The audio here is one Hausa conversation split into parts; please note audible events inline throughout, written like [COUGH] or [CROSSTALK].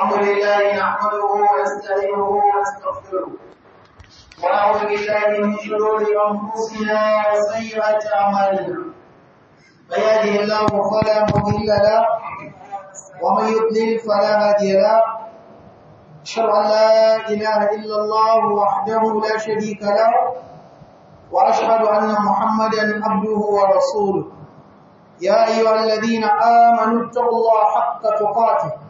الحمد لله نحمده ونستعينه ونستغفره ونعوذ بالله من شرور انفسنا وسيئات اعمالنا من يهده الله فلا مضل له ومن يضلل فلا هادي له اشهد ان لا اله الا الله وحده لا شريك له واشهد ان محمدا عبده ورسوله يا ايها الذين امنوا اتقوا الله حق تقاته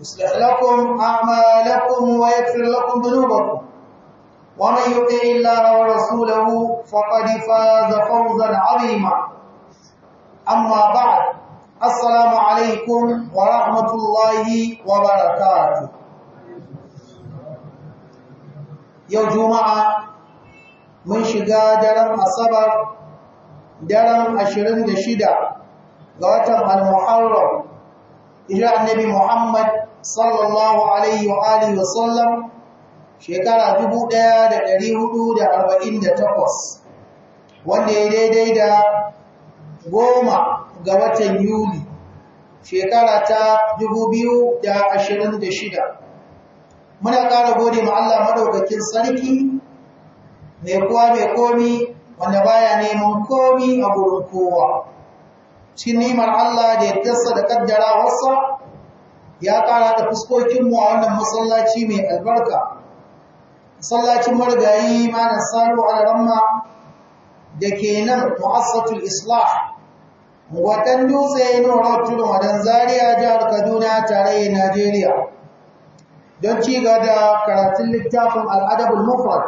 يصلح لكم أعمالكم ويغفر لكم ذنوبكم ومن يطع الله ورسوله فقد فاز فوزا عظيما أما بعد السلام عليكم ورحمة الله وبركاته يوم جمعة من شجاع درم الصبر درم أشرن دشدة قواتم المحرم إلى النبي محمد sallallahu alaihi wa alihi wa sallam shekara 1448 wanda ya daidai da goma ga watan Yuli shekara ta 2026 muna ƙara gode ma Allah madaukakin sarki mai kuwa mai komi wanda baya neman komi a gurin kowa cikin nimar Allah da ya tassa da kaddara wasa ya ƙara da fuskokinmu a wannan masallaci mai albarka masallacin margayi malam salu ramma da ke nan mu'assatul islah watan dutse nura tudun wadan zaria jihar kaduna tarayyar najeriya don ci da karatun littafin al'adabul mufrad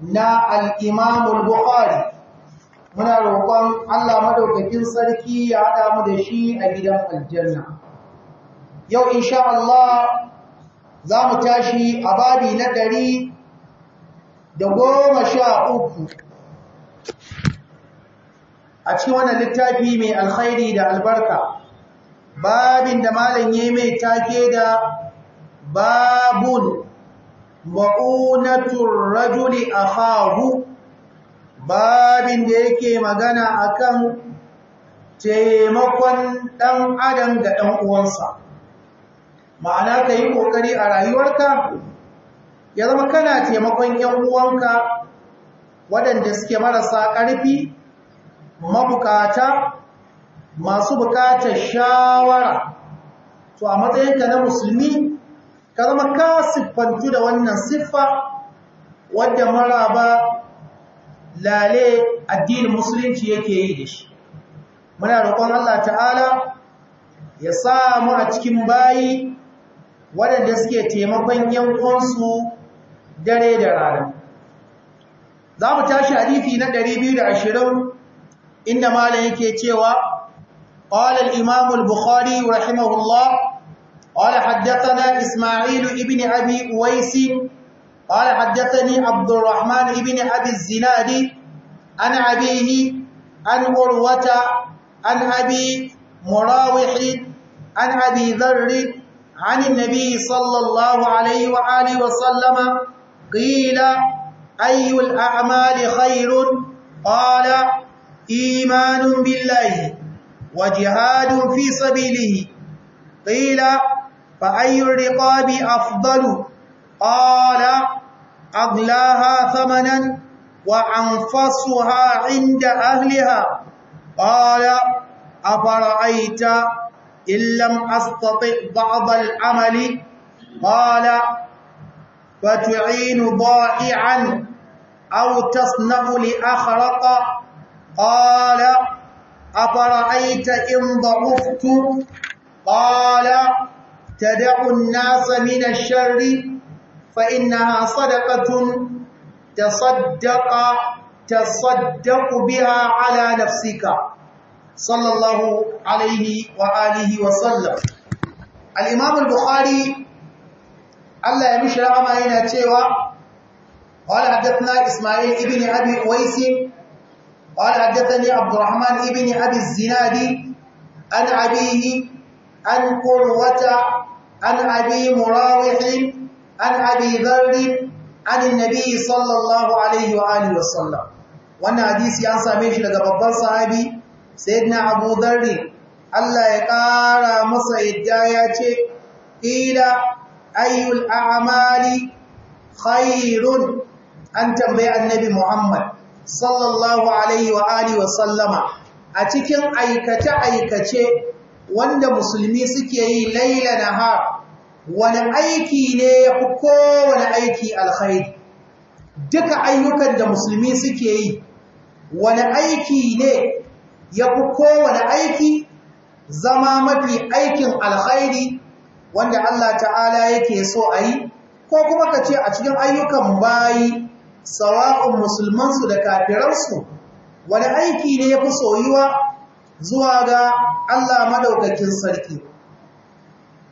na al'imamul bukhari muna roƙon allah madaukakin sarki ya haɗa mu da shi a gidan aljanna yau insha Allah za mu tashi a babi na ɗari da goma sha uku a cikin wannan littafi mai alkhairi da albarka babin da malam ya mai take da babun ma'unatun rajuli a hagu babin da yake magana akan taimakon ɗan adam ga ɗan uwansa ma'ana ka yi ƙoƙari a rayuwarka ya zama kana taimakon ‘yan uwanka waɗanda suke marasa ƙarfi mabukata masu bukatar shawara to a matsayinka na musulmi ka zama ka siffantu da wannan siffa wadda maraba lale addinin musulunci yake yi da shi muna roƙon Allah ta'ala ya sa mu a cikin bayi waɗanda suke taimakon yankunsu dare da rana za mu tashi hadithi na 220 inda malam yake cewa قال الإمام البخاري رحمه الله قال حدثنا إسماعيل ابن أبي أويس قال حدثني عبد الرحمن ابن أبي الزناد عن أبيه عن عروة عن أبي مراوح عن أبي ذر عن النبي صلى الله عليه وآله وسلم قيل أي الأعمال خير قال إيمان بالله وجهاد في سبيله قيل فأي الرقاب أفضل قال أغلاها ثمنا وأنفسها عند أهلها قال أفرأيت إن لم أستطع بعض العمل قال فتعين ضائعا أو تصنع لأخرق قال أفرأيت إن ضعفت قال تدع الناس من الشر فإنها صدقة تصدق تصدق بها على نفسك sallallahu alaihi wa alihi wa sallam al’imamun buhari allah ya mishi rahama yana cewa wani haddatna ismail ibn abi waisi wani haddatani abdurrahman ibn abi zinadi an abihi an kurwata an abi murawihin an abi zarri an nabi sallallahu alaihi wa alihi wa sallam wannan hadisi an same shi daga babban sahabi sayyidina abu dharri Allah ya ƙara masa yadda ya ce ƙila ayyul a'amali khairun an tambayi annabi Muhammad sallallahu alaihi wa alihi wa sallama a cikin aikace aikace wanda musulmi suke yi laila nahar wani aiki ne ya fi kowane aiki alkhairi duka ayyukan da musulmi suke yi wani aiki ne ya fi kowane aiki zama mafi aikin alkhairi wanda Allah ta'ala yake so a yi ko kuma ka ce a cikin ayyukan bayi sawa'un musulmansu da kafiransu wani aiki ne ya fi soyuwa zuwa ga Allah madaukakin sarki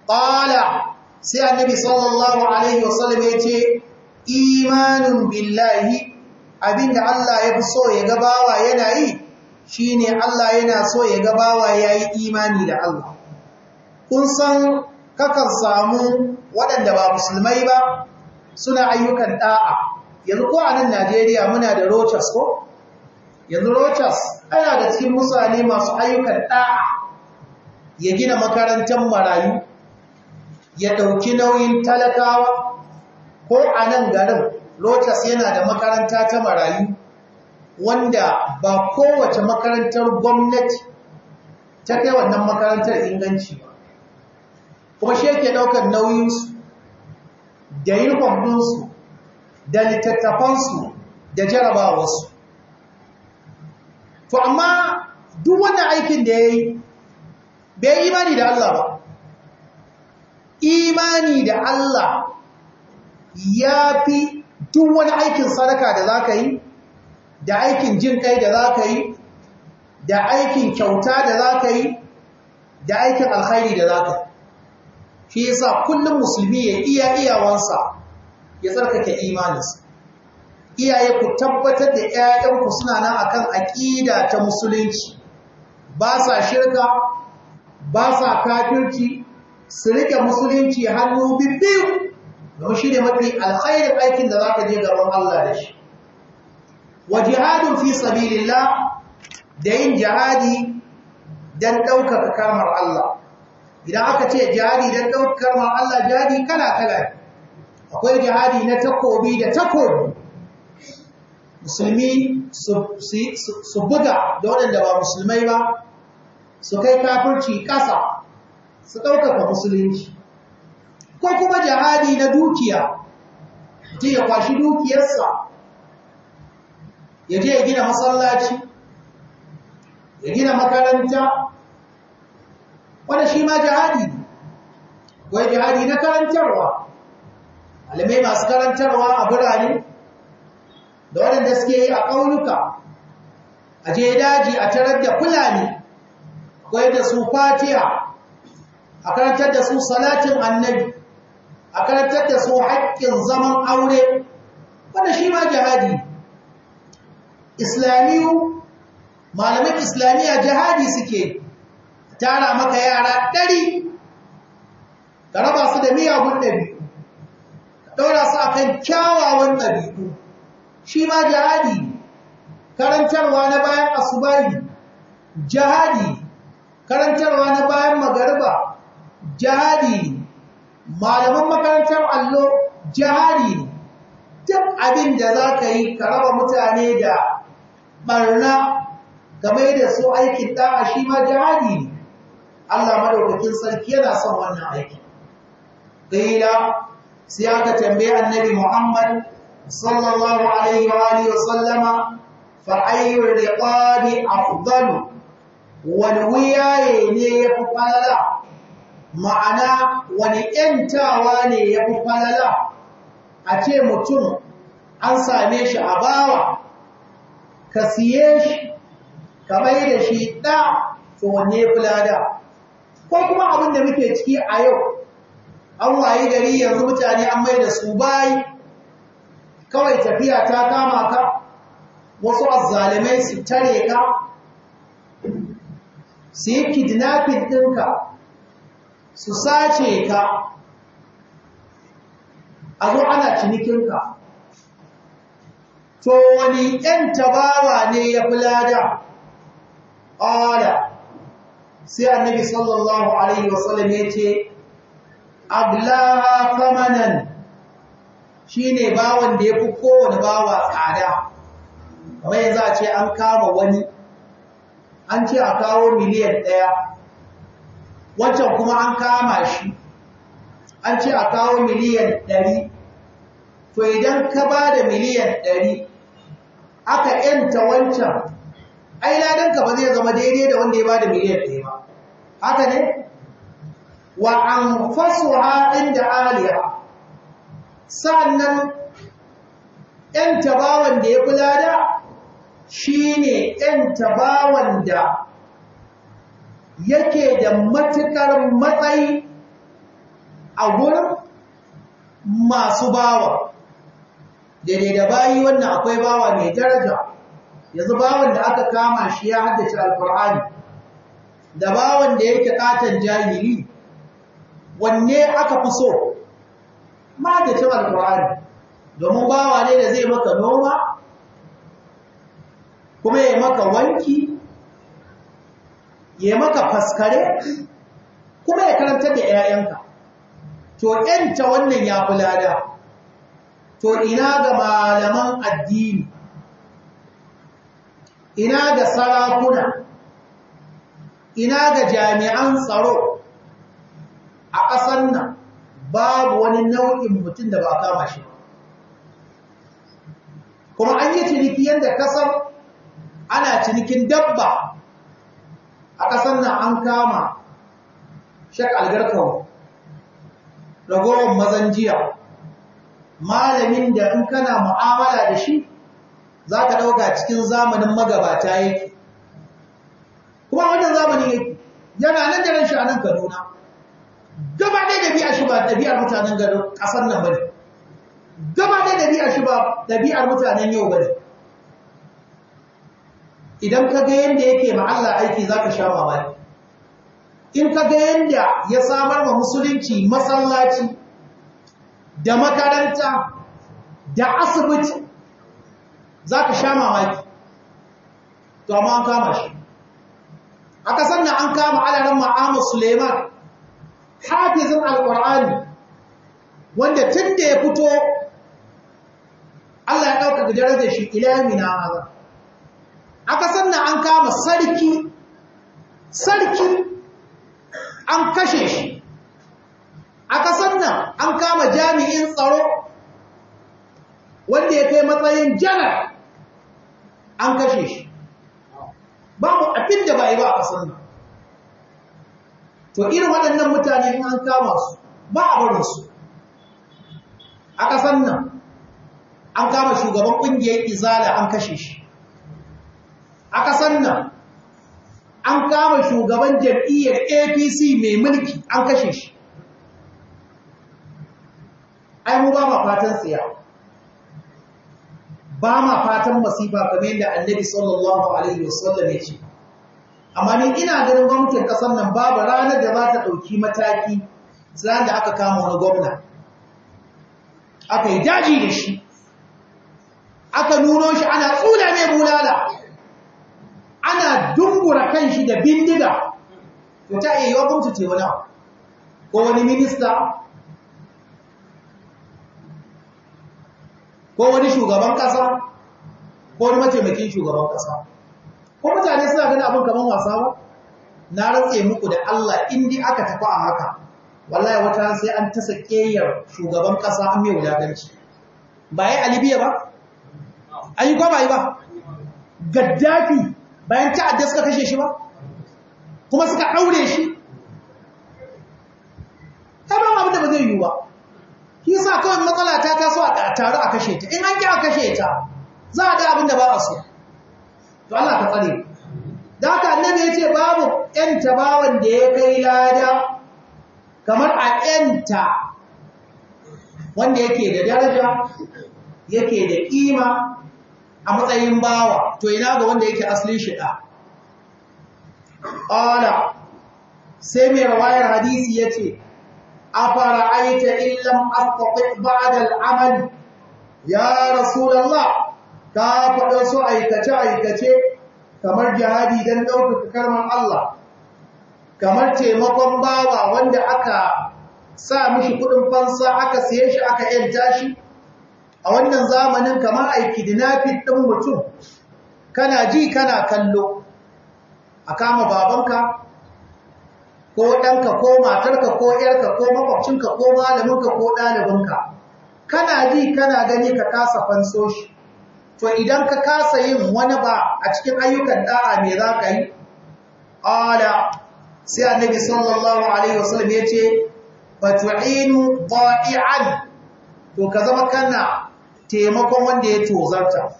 ƙala sai annabi sallallahu alaihi wasallam ya ce imanin billahi abinda Allah ya fi so ya gabawa yana yi Shi ne Allah yana so ya ga bawa yi imani da Allah kun san kakan samu waɗanda ba musulmai ba suna ayyukan ɗa'a. yanzu ko a nan Najeriya muna da Rochas ko yanzu Rochas ana da cikin musane masu ayyukan ɗa'a. ya gina makarantar marayu ya ɗauki nauyin talakawa ko a nan garin Rochas yana da makaranta ta marayu wanda ba kowace makarantar gwamnati ta kai wannan makarantar inganci ba kuma shi yake daukar nauyinsu da yirkwanninsu da littattafansu da jarabawarsu to amma duk wannan aikin da ya yi bai imani da Allah ba imani da Allah ya fi duk wani aikin sadaka da za ka yi da aikin jin kai da za ka yi da aikin kyauta da za ka yi da aikin alkhairi da za ka yi shi yasa kullum musulmi ya iya iyawansa ya tsarkake imaninsa iyaye ku tabbatar da 'ya'yanku suna nan akan aƙida ta musulunci ba sa shirka ba sa kafirci su rike musulunci hannu bibbiyu don shi ne mafi alkhairin aikin da za ka je gaban Allah da shi wa jihadun fi sabilillah da yin jihadi dan ɗaukaka kamar Allah idan aka ce jihadi dan ɗaukaka kamar Allah jihadi kala kala akwai jihadi na takobi da takobi musulmi su buga da waɗanda ba musulmai ba su kai kafirci ƙasa su ɗaukaka musulunci ko kuma jihadi na dukiya mutum ya kwashi dukiyarsa ya je ya gina masallaci ya gina makaranta wanda shi ma jihadi ne wai jihadi na karantarwa alimai masu karantarwa a birane da waɗanda suke yi a ƙauyuka. a je daji a tarar da fulani akwai da su fatiya a karantar da su salatin annabi a karantar da su haƙƙin zaman aure wanda shi ma jihadi islamiyu malaman islamiyya jihadi suke tara maka yara ɗari ka raba su da miyagun ɗabi'u ka ɗaura su kan kyawawan ɗabi'u shi ma jihadi karantarwa na bayan Asubari, jihadi karantarwa na bayan magariba jihadi malaman makarantar allo jihadi duk abin da za ka yi ka raba mutane da barna game da su aikin da'a shi ma jihadi ne Allah madaukakin sarki yana son wannan aikin qila sai aka tambaye annabi Muhammad sallallahu alaihi wa alihi wasallama fa ayyu riqabi afdalu wani wuyaye ne fi falala ma'ana wani yantawa ne yafi falala a ce mutum an same shi a bawa ka siye shi ka mai da shi ɗa kula fulada ko kuma abin da muke ciki a yau an wayi gari yanzu mutane an mai da su bayi kawai tafiya ta kama ka wasu azzalimai su tare ka su yi kidnapping ɗinka su sace ka a zo ana cinikinka to wani ‘yan tabawa ne ya fi lada sai annabi sallallahu alaihi wasallam ya ce ablaha famanan shi ne bawan da ya fi kowane bawa tsada kamar yanzu a ce an kama wani an ce a kawo miliyan ɗaya wancan kuma an kama shi an ce a kawo miliyan ɗari to idan ka ba da miliyan ɗari aka yanta wancan ai ladanka ba zai zama daidai da wanda ya bada miliyan ɗaya ba haka ne wa an anfasuha inda aliya sannan yan tabawan da ya kula da shine yan tabawan da yake da matukar matsayi a gurin masu bawa daidai da bayi wannan akwai bawa mai daraja yanzu bawan da aka kama shi ya haddace alkur'ani da bawan da yake katon jahili wanne aka fi so ma haddace alkur'ani domin bawa ne da zai maka noma kuma ya maka wanki ya maka faskare kuma ya karanta da 'ya'yanka to 'yanta wannan ya fi lada to ina ga malaman addini ina ga sarakuna ina ga jami'an tsaro a ƙasar nan babu wani nau'in mutum da ba kama shi kuma an yi ciniki yadda kasar ana cinikin dabba a ƙasar nan an kama shek algarkawa ragowar mazan jiya malamin da in kana mu'amala da shi za ka ɗauka cikin zamanin magabata yake kuma wannan zamani yake yana nan da shi a nan kaduna gaba ɗaya ɗabi'a shi ba ɗabi'ar mutanen garin ƙasar nan ba ne gaba ɗaya ɗabi'a shi ba ɗabi'ar mutanen yau ba ne idan ka ga yadda yake ma Allah aiki za ka sha mamaki in ka ga yadda ya samar ma musulunci masallaci da makaranta da asibiti za ka sha mamaki to amma an kama shi Aka sanna an kama alarin ma'amu suleiman hafizin alƙur'ani wanda tun da ya fito allah ya ɗauka gudanar da shi ilami na haza Aka sanna an kama sarki sarki an kashe shi a ƙasar nan an kama jami'in tsaro wanda ya kai matsayin janar an kashe shi babu abin da ba yi ba a ƙasar nan to irin waɗannan mutane in an kama su ba a barin su a ƙasar nan an kama shugaban ƙungiyar izala an kashe shi a ƙasar nan an kama shugaban jam'iyyar apc mai mulki an kashe shi ai mu ba ma fatan tsaya ba ma fatan masifa kamar yadda annabi sallallahu alaihi wasallam ya ce amma ni ina ganin gwamnatin kasar nan babu ranar da za ta ɗauki mataki zan da aka kama wani gwamna aka yi daji da shi aka nuno shi ana tsula mai bulala ana dumbura kan shi da bindiga ko ta iya yi wa gwamnati wani ko wani minista ko wani shugaban ƙasa ko wani mataimakin shugaban ƙasa ko mutane suna gani abin kamar wasa ba na rantse muku da Allah in dai aka tafi a haka wallahi wata sai an ta sakeyar shugaban ƙasa an mai wulaganci ba yi alibiya ba an yi ko ba yi ba gaddafi bayan ta'adda suka kashe shi ba kuma suka ɗaure shi taru a kashe ta in an ki a kashe ta za a da abin da ba a so to Allah ka tsare da haka annabi ya babu ƴanta bawan da ya kai lada kamar a ƴanta wanda yake da daraja yake da kima a matsayin bawa to ina ga wanda yake asalin shi da qala sai mai rawayar hadisi yace aita illam astati ba'da al'amal ya rasulullah ka faɗa su aikace aikace kamar jihadi dan ɗaukaka karman Allah kamar taimakon bawa wanda aka sa mishi kuɗin fansa aka siye shi aka yanta shi a wannan zamanin kamar aiki fi ɗin mutum kana ji kana kallo a kama babanka ko ɗanka ko matarka ko ƴarka ko makwabcinka ko malaminka ko ɗalibinka kana ji kana gani ka kasa fanso shi to idan ka kasa yin wani ba a cikin ayyukan da'a me za ka yi Ala, sai annabi sallallahu alaihi wasallam yace fatu'inu da'i'an to ka zama kana taimakon wanda ya tozarta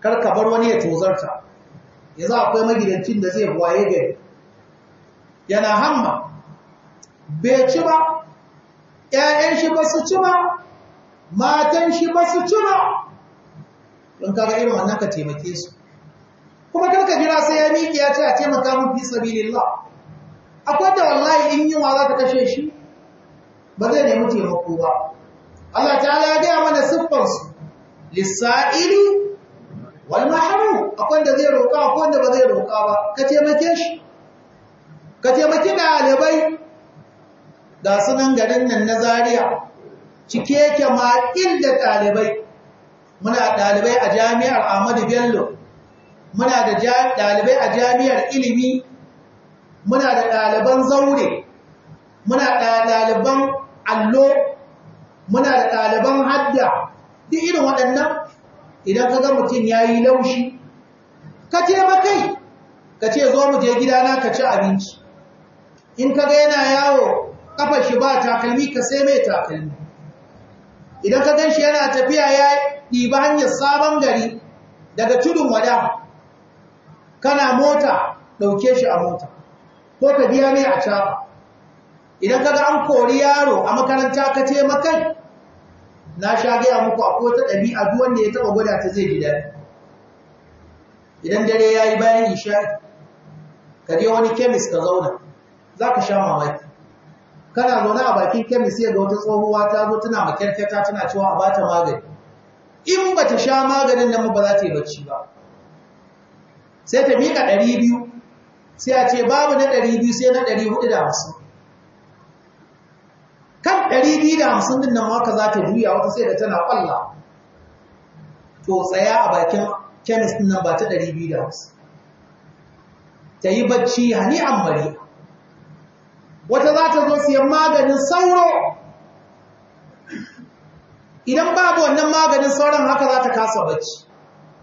kar ka bar wani ya tozarta yanzu akwai magidancin da zai waye gari yana hamma bai ci ba ‘ya'yan shi ba su ci ba, matan shi ba su ci ba, don kaga irin wannan ka taimake su. Kuma karka jira sai ya miƙi ya ce a taimaka mun fi sabilillah. Akwai da wallahi in yunwa za ta kashe shi, ba zai nemi taimako ba. Allah ta'ala ya gaya mana siffarsu, lissa'ili wal mahrum akwai da zai roƙa akwai da ba zai roƙa ba, ka taimake shi. Ka taimaki ɗalibai ga sunan garin nan na Zariya cike yake ma inda ɗalibai muna ɗalibai a jami'ar Ahmadu Bello muna da ɗalibai a jami'ar ilimi muna da ɗaliban zaure muna da ɗaliban allo muna da ɗaliban hadda duk irin waɗannan idan ka ga mutum ya yi laushi ka ce makai ka ce zo mu je gidana ka ci abinci in ka ga yana yawo kafar shi ba takalmi ka sai mai takalmi idan ka gan shi yana tafiya ya ɗiba hanyar sabon gari daga tudun wada kana mota ɗauke shi a mota ko ka biya mai a caba idan ka ga an kori yaro a makaranta ka ce makai na sha gaya muku a kota ɗabi'a duk wanda ya taɓa gwada ta zai ji idan dare ya yi bayan isha ka je wani kemis ka zauna za ka sha mamaki kana zaune a bakin kemis sai ga wata tsohuwa ta zo tana makyarkyata tana cewa a bata magani in ba ta sha maganin nan ba za ta yi bacci ba sai ta mika 200 sai a ce babu na 200 sai na 450 kan 250 din nan waka za ta juya wata sai da tana kwalla to tsaya a bakin kemis din nan ba ta 250 ta yi bacci hani an mari'a wata za ta zo siyan maganin sauro idan babu wannan maganin sauran haka za ta kasa bacci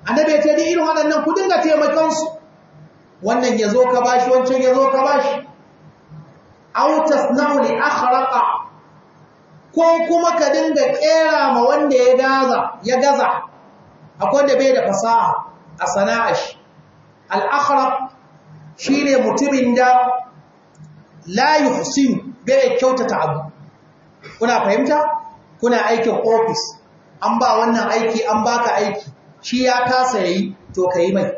annabi ya ce ni irin waɗannan ku dinga taimakon su wannan ya ka bashi wancan ya ka bashi aw tasna'u li akhraqa ko kuma ka dinga kera ma wanda ya gaza ya gaza akwai da bai da fasaha a shi. al-akhraq shine mutumin da la yuhsinu bai kyautata abu kuna fahimta kuna aikin ofis? an ba wannan aiki an baka aiki shi ya kasa yayi to kai mai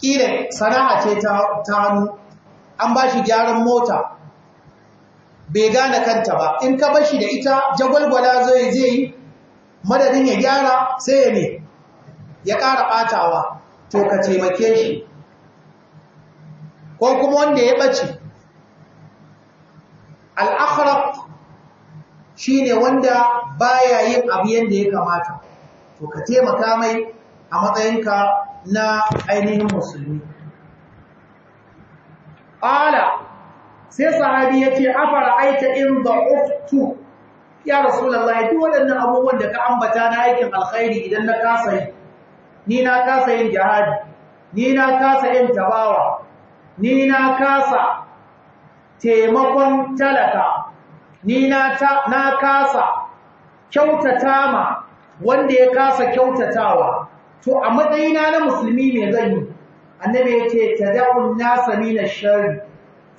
kila sana'a ce ta hannu an ba shi gyaran mota bai gane kanta ba in ka bashi da ita jagwalgwala zai yi. madadin ya gyara sai ya ne ya ƙara ɓatawa to ka taimake shi ko kuma wanda ya ɓace al'akharar shine wanda baya yin abu yadda ya kamata to ka taimaka mai a matsayinka na ainihin musulmi ala sai sahabi ya ce afara aita in da'uftu ya rasulallah duk waɗannan abubuwan da ka ambata na aikin alkhairi idan na kasa yi ni na kasa yin jihadi ni na kasa yin tabawa ni na kasa taimakon talaka ni na kasa kyautata ma wanda ya kasa kyautatawa to a matsayina na musulmi mai zan yi annabi yace ta nasa min ash-sharr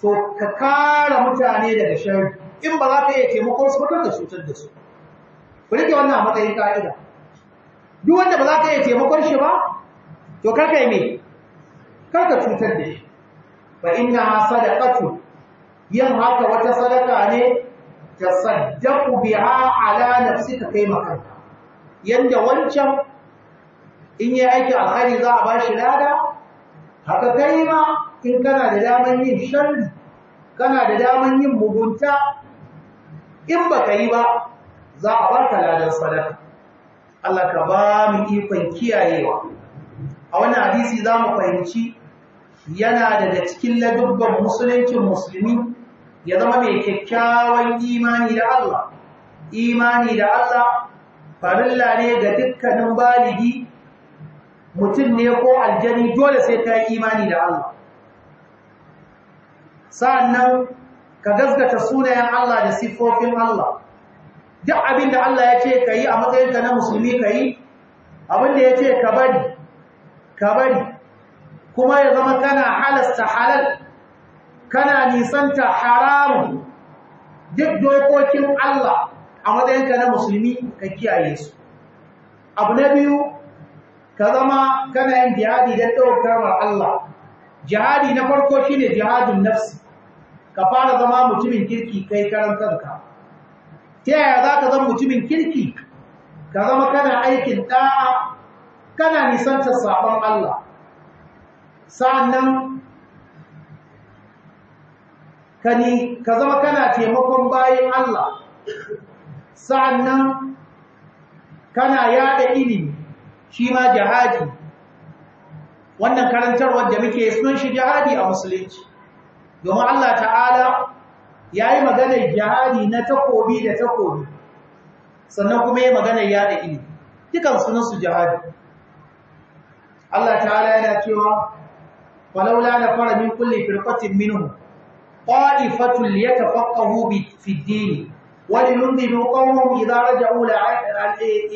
to ka kara mutane daga sharri in ba za ka iya taimakon su ba ka cutar da su ku rike wannan a matsayin ka'ida duk wanda ba za ka iya taimakon shi ba to kar ka yi me kar ka cutar da shi fa innaha sadaqatu yin haka wata sadaka ne tasaddaqu biha ala nafsika kai makanka yanda wancan in yi a kari za a ba shi lada haka kai ma in kana da daman yin sharri kana da daman yin mugunta in ba ka yi ba za a ba ka sadaka Allah ka ba mu ikon kiyayewa a wani hadisi za mu fahimci yana daga cikin ladubban musuluncin musulmi ya zama mai kyakkyawan imani da Allah imani da Allah farilla ne ga dukkanin baligi mutum ne ko aljani dole sai ta yi imani da Allah sa'annan ka gaskata sunayen Allah da siffofin Allah duk abinda Allah ya ce ka yi a matsayinka na musulmi ka yi abinda ya ce ka bari ka bari kuma ya zama kana halasta halal kana nisanta haramun duk dokokin Allah a matsayinka na musulmi ka kiyaye su abu na biyu ka zama kana yin jihadi don ɗaukar Allah jihadi na farko shine jihadin nafsi ka fara zama mutumin kirki kai karan kanka ta yaya za ka zama mutumin kirki ka zama kana aikin ɗa'a kana nisanta sabon Allah sa'annan kani ka zama kana taimakon bayan Allah sa'annan kana yada ilimi shi ma jihadi wannan karantarwar da muke sun shi jihadi a musulunci domin Allah ta'ala ya yi maganar jihadi na takobi da takobi sannan kuma ya maganar yada ilimi dukan sunansu jihadi Allah ta'ala yana cewa ولولا نفر من كل فرقة منهم طائفة ليتفقهوا في الدين ولينذروا قومهم إذا رجعوا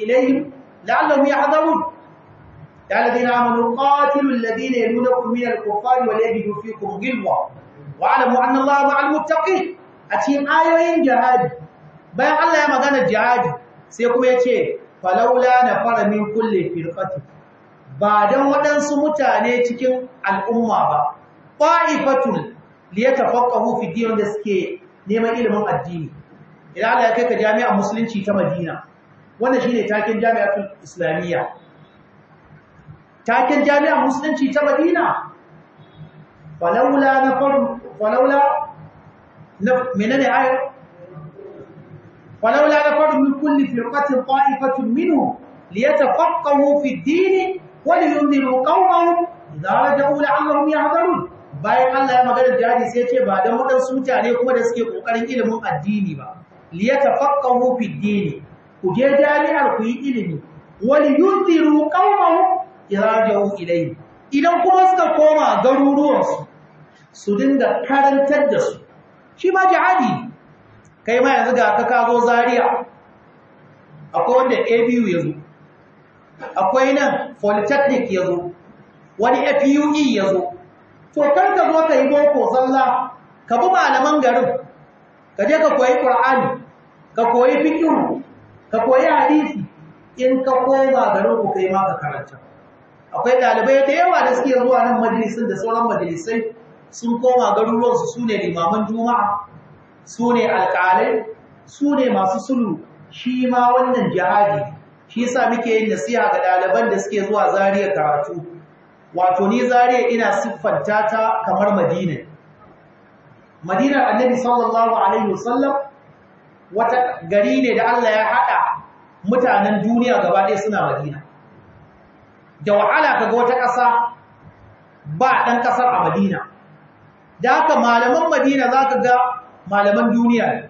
إليهم لعلهم يحذرون يا الذين آمنوا قاتلوا الذين يلونكم من الكفار وليجدوا فيكم غلظة واعلموا أن الله مع المتقين أتيم آيوين جهاد بين الله يا مغانا الجهاد سيكم يتي فلولا نفر من كل فرقة ba don waɗansu mutane cikin al'umma ba ƙwa'ifatun, liyata, liyatafaqahu fi din da suke neman ilimin addini idan Allah ya kai ka jami'ar musulunci ta Madina wannan shine taken jami'atul islamiyya taken jami'ar musulunci ta Madina falaula nafar falaula menene ayar falaula nafar min kulli firqatin qa'ifatun minhum ولينذروا قومهم idza raja'u la'allahum yahdharun bayan Allah ya magana jihadi sai ya ce ba dan wadansu mutane kuma da suke kokarin ilimin addini ba liyatafaqahu fi dini ku je jami'ar ku yi ilimi wali yunziru qaumahum idza raja'u ilayhi idan kuma suka koma garuruwan su dinga karantar da su shi ma jihadi kai ma yanzu ga ka kazo zaria akwai wanda ABU zo akwai nan polytechnic ya zo wani fue ya zo to kar ka zo ka yi boko zalla ka bi malaman garin ka je ka koyi qur'ani ka koyi fiqh ka koyi hadisi in ka koma garin ku kai ma ka karanta akwai dalibai da yawa da suke zuwa nan majalisun da sauran majalisai sun koma garuruwansu su ne limaman juma'a su ne alƙalai su ne masu sulhu shi ma wannan jihadi shi yasa muke yin nasiha ga ɗaliban da suke zuwa Zariya karatu wato ni Zariya ina siffanta ta kamar madina madinar annabi sallallahu alaihi wasallam wata gari ne da Allah ya hada mutanen duniya gaba ɗaya suna madina da wahala kaga wata ƙasa ba ɗan ƙasar a madina da haka malaman madina za ka ga malaman duniya ne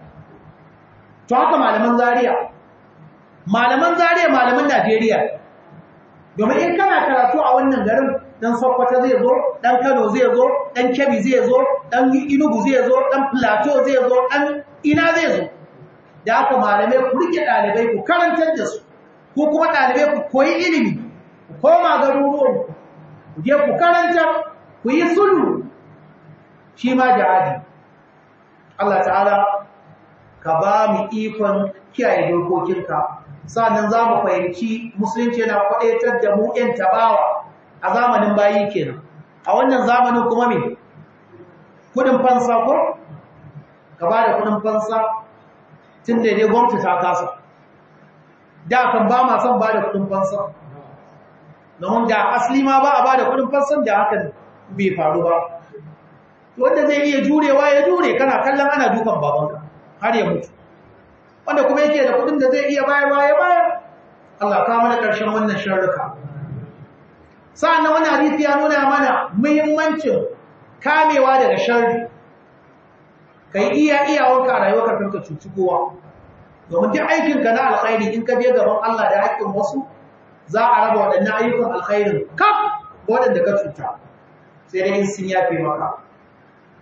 to haka malaman Zariya. malaman zariya malaman Najeriya domin in kana karatu a wannan garin dan Sokoto zai zo dan Kano zai zo dan Kebbi zai zo dan Enugu zai zo dan Plateau zai zo dan ina zai zo da haka malamai ku rike dalibai ku karantar da su ko kuma ɗalibai ku koyi ilimi ku koma garuruwan ku je ku karantar ku yi sulhu shi ma jihadi Allah ta'ala ka ba mu ikon kiyaye dokokinka sannan za mu fahimci musulunci yana faɗaitar da mu ‘yan tabawa a zamanin bayi kenan a wannan zamanin kuma me kudin fansa ko ka ba da kudin fansa tun da ne gwamnati ta kasa da kan ba ma son ba da kudin fansa domin da asali ma ba a ba da kudin fansa, da hakan bai faru ba wanda zai iya jurewa ya jure kana kallon ana dukan babanka har ya mutu wanda kuma yake da kudin da zai iya bayar ya bayar Allah ka mana ƙarshen wannan sharruka sa'annan wani hadisi ya nuna mana muhimmancin kamewa daga sharri kai iya wanka a rayuwar kafin ka cuci kowa domin duk aikin ka na alkhairi in ka je gaban Allah da haƙƙin wasu za a raba waɗannan ayyukan alkhairin kaf waɗanda ka cuta sai dai in sun yafe maka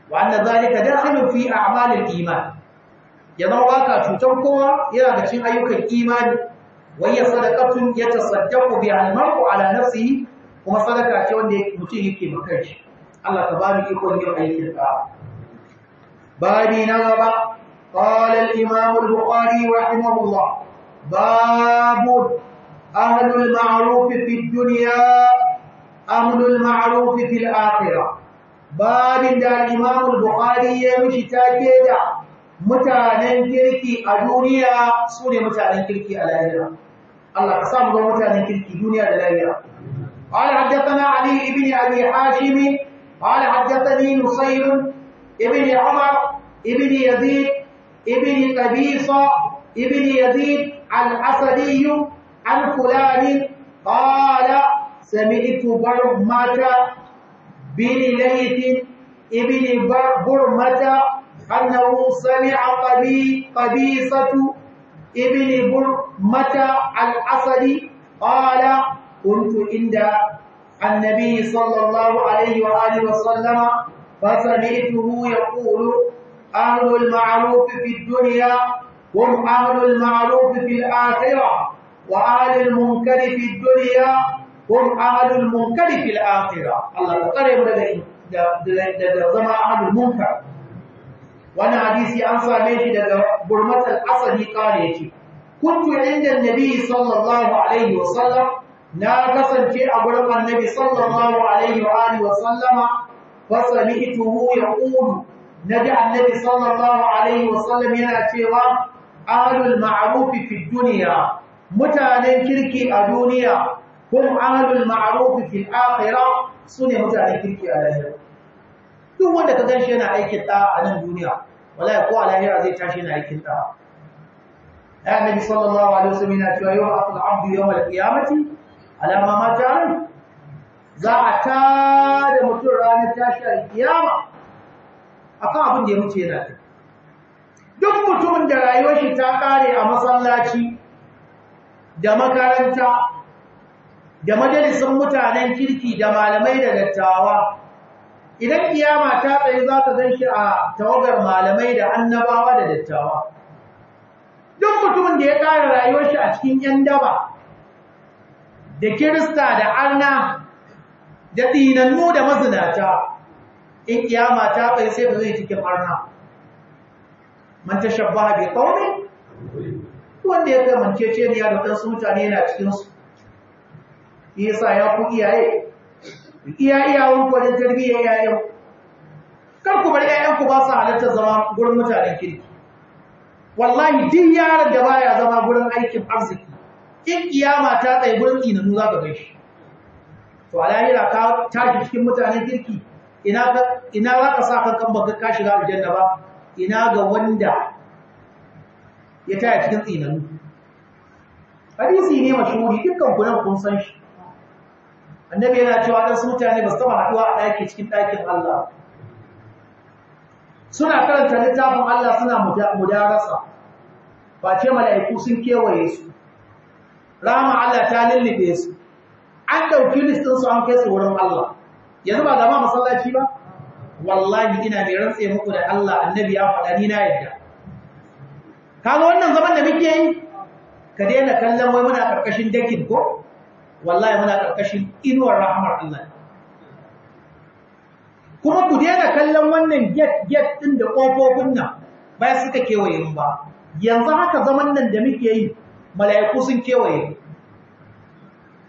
wa anna zalika dakhilun fi a'malil iman ya zama ka cutar kowa yana da cikin ayyukan imani wa ya sadaqatun ku bi al ala kuma sadaka ce wanda mutum yake maka shi Allah ka ba mu ikon yin aikin ka babi na gaba qala al-imam al-bukhari rahimahullah babu المعروف في الدنيا أهل المعروف في الآخرة باب دا الإمام البخاري يمشي تاكيدا mutanen kirki a duniya sune ne mutanen kirki a lahira. Allah ka samu zama mutanen kirki duniya da lahira. Wani hajjatana Ali ibn Abi Hashimi, wani hajjatani Nusairun, ibn Umar, ibn Yazid, ibn Qabisa, ibn Yazid, al-Asadiyu, al-Kulani, qala sami'tu bar mata bi laytin ibn annahu sami'a qadi qadisatu ibn bur mata al-asadi qala kuntu inda annabi sallallahu alayhi wa alihi wa sallam fa sami'tuhu yaqulu ahlul ma'ruf fi dunya hum ahlul ma'ruf fi al-akhirah wa ahlul munkar fi dunya hum ahlul munkar fi al-akhirah Allah qare mudai da da zama ahlul munkar wani hadisi an same shi daga burmatar asali kare yake kuntu inda nabi sallallahu alaihi wa sallam na kasance a gurin annabi sallallahu alaihi wa alihi wa sallama ya sami'tuhu na nabi annabi sallallahu alaihi wa sallam yana cewa ahlul ma'ruf fi dunya mutanen kirki a duniya kuma hum ahlul ma'ruf fil su ne mutanen kirki a lahira duk wanda ka gan shi yana aikin da'a a nan duniya wallahi ko a lahira zai tashi yana aikin da'a ya annabi sallallahu alaihi wasallam yana cewa yau aqul abu yau al kiyamati ala ma ma nan za a da mutum ranar tashi al a kan abin da ya mutu yana kai duk mutumin da rayuwar shi ta kare a masallaci da makaranta da majalisun mutanen kirki da malamai da dattawa idan kiyama ta tsaye za ta zan shi a tawagar malamai da annabawa da dattawa duk mutumin da ya kara rayuwar shi a cikin ‘yan daba da kirista da arna da tsinannu da mazinata in kiyama ta tsaye sai ba zai cikin arna man ta shabba bai ƙaune wanda ya kai mancece ne ya da su mutane yana cikinsu isa ya ku iyaye iya iyawun ku wajen tarbiyyar yayan kar ku bar yayan ku ba su halatta zama gurin mutanen kirki wallahi duk yaron da baya zama gurin aikin arziki in kiyama ta tsaye gurin tsinanu za ka shi to a ka tashi cikin mutanen kirki ina za ka sa kankan baka ka shiga aljanna ba ina ga wanda ya taya cikin tsinanu hadisi ne mashuri dukkan kunan kun san shi annabi yana cewa dan su mutane ba su taba haduwa a daki cikin dakin Allah suna karanta littafin Allah suna mudarasa ba ce mala'iku sun kewaye su rama Allah ta lullube su an dauki listin su an kai su wurin Allah yanzu ba gaba masallaci ba wallahi ina mai rantse muku da Allah annabi ya faɗa ni na yadda kaga wannan zaman da muke yi ka daina kallon wai muna karkashin dakin ko wallahi muna karkashin inuwar rahamar Allah kuma ku daina kallon wannan get get ɗin da ƙofofin nan ba suka kewaye ba yanzu haka zaman nan da muke yi mala'iku sun kewaye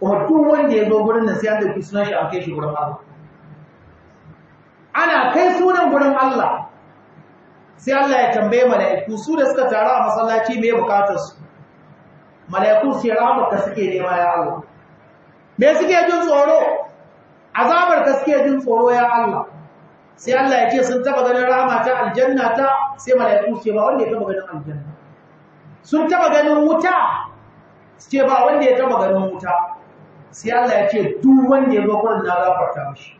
kuma duk wanda ya zo gurin nan sai an dauki sunan shi an kai shi gurin Allah ana kai sunan gurin Allah sai Allah ya tambaye mala'iku su da suka taru a masallaci mai bukatar su mala'iku sai rahama ka suke nema ya Allah me suke jin tsoro azabar ka suke jin tsoro ya Allah sai Allah ya ce sun taba ganin rama ta aljanna ta sai mala'iku ce ba wanda ya taba ganin aljanna sun taba ganin wuta ce ba wanda ya taba ganin wuta sai Allah ya ce duk wanda ya zo gurin na gafarta mishi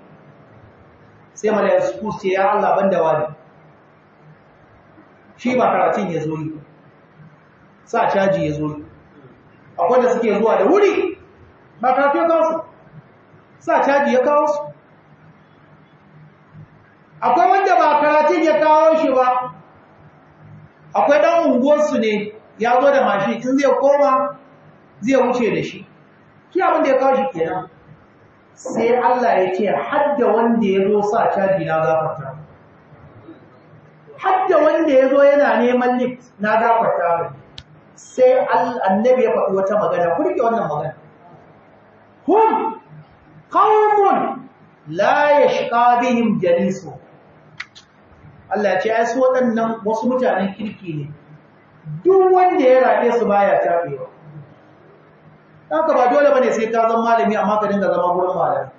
sai mala'iku ce ya Allah banda wani shi ba karatun ya zo yi sa caji ya zo yi akwai da suke zuwa da wuri ba karatu ya kawo su sa caji ya kawo su akwai wanda ba karatun ya kawo shi ba akwai ɗan unguwarsu ne ya zo da mashi tun zai koma zai wuce da shi Ki abin da ya kawo shi kenan sai Allah ya ce hadda wanda ya zo sa caji na gafarta hadda wanda ya zo yana neman lift na gafarta sai annabi ya faɗi wata magana ku rike wannan magana hum qaumun la yashqa bihim jalisu Allah ya ce ai su waɗannan wasu mutanen kirki ne duk wanda ya rabe su baya tabewa haka ba dole ne sai ka zama malami amma ka dinga zama gurin malami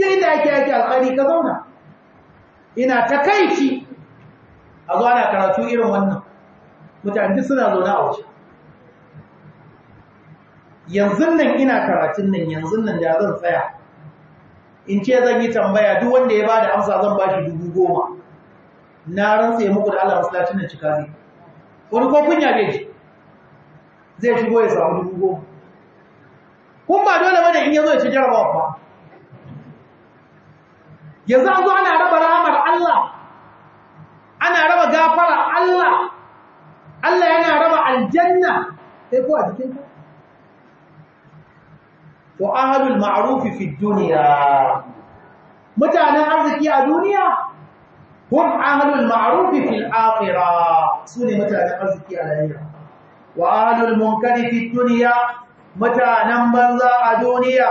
sai da ake ake alƙari ka zauna ina takaici a zo ana karatu irin wannan mutane suna zaune a wajen yanzu nan ina karatun nan yanzu nan da zan tsaya in ce zan yi tambaya duk wanda ya bada amsa zan ba shi dubu goma na ya muku da Allah masallacin nan cika zai wani ko kunya bai ji zai shigo ya samu dubu goma kun ba dole bane in yazo ya ci jarabawa ba yanzu an zo ana raba rahamar Allah ana raba gafara Allah Allah yana raba aljanna sai ko a cikin ka wa ahlul ma'ruf fi dunya mutanen arziki a duniya hum ahlul ma'ruf fil akhirah sune mutanen arziki a lahira wa ahlul munkari fi dunya mutanen banza a duniya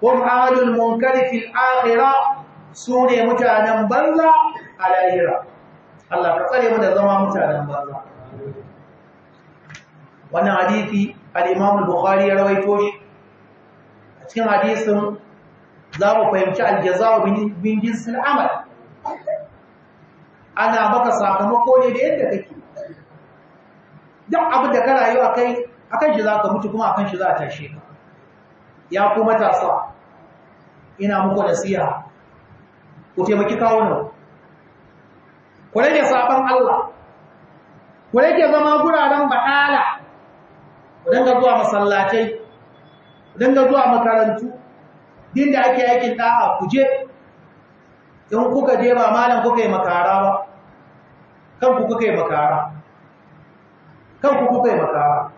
hum ahlul munkari fil akhirah sune mutanen banza a lahira Allah ka tsare mu da zama mutanen banza wannan hadisi al-Imam bukhari ya rawaito shi cikin hadisin za mu fahimci aljazawa bin jinsin amal ana maka sakamako ne da yadda kake duk abin da ka rayu a kai a kan shi za ka mutu kuma a kan shi za a tashe ka ya ku matasa ina muku nasiha ku taimaki kawunan ku rage sabon Allah ku rage zama guraren ba'ala. ku dinga zuwa masallatai dinga zuwa makarantu din da ake aikin ɗa'a, ku je in kuka je ba malam kuka yi makara ba kanku kuka yi makara kanku kuka yi makara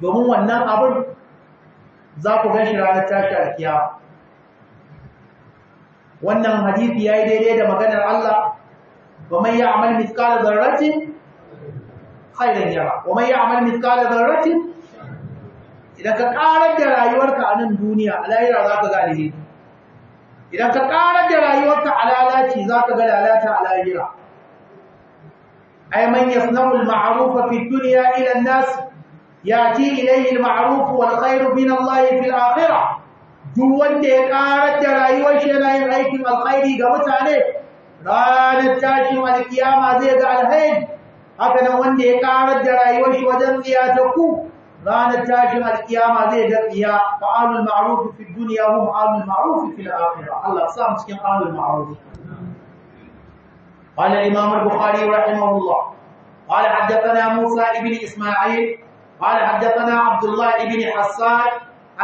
domin wannan abin za ku gan shi ranar tashi alkiya wannan hadithi ya yi daidai da maganar Allah ba mai ya amal mitkala zarratin khairan yara wa mai ya amal mitkala zarratin idan ka karar da rayuwarka a nan duniya a za ka gane idan ka karar da rayuwarka a lalaci za ka ga lalata a ai manyan yasna'u al-ma'ruf fi dunya ila an-nas yati ilayhi al-ma'ruf wal khairu min Allah fi al-akhirah duk wanda ya karar da rayuwar shi yana yin aikin alkhairi ga mutane ranar tashin alkiyama zai ga alheri haka nan wanda ya karar da rayuwar shi wajen tsiyata ku ranar tashin alkiyama zai daɗiya fa'alul ma'arufi fi duniya wa ma'alul ma'arufi fi al'afira Allah sa mu cikin alul ma'arufi قال الإمام البخاري رحمه الله قال حدثنا موسى بن إسماعيل قال حدثنا عبد الله بن حسان